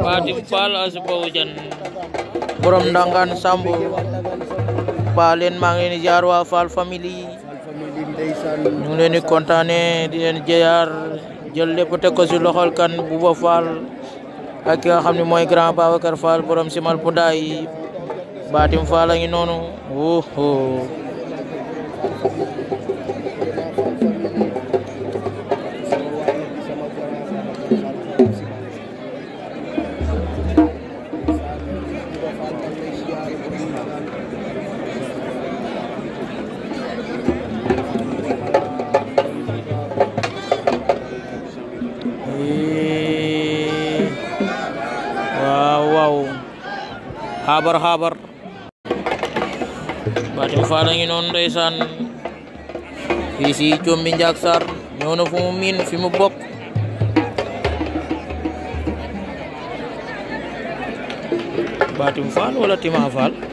Fatim Fall Asubawjan borom ndangaan Samb ba leen maa ngi leen di jaar waa Fall famille ñu leen di kontaane di leen jeyaar jël lépp teg ko ci loxol kan Bouba Fall ak ki nga xam ne mooy grand Babacar Fall borom simal pudaay Fatim Fall a ngi noonu habar-habar batin farangi non resan Isi si combin jaksar nyono fumin, fu Batim Fall wala Tima Fall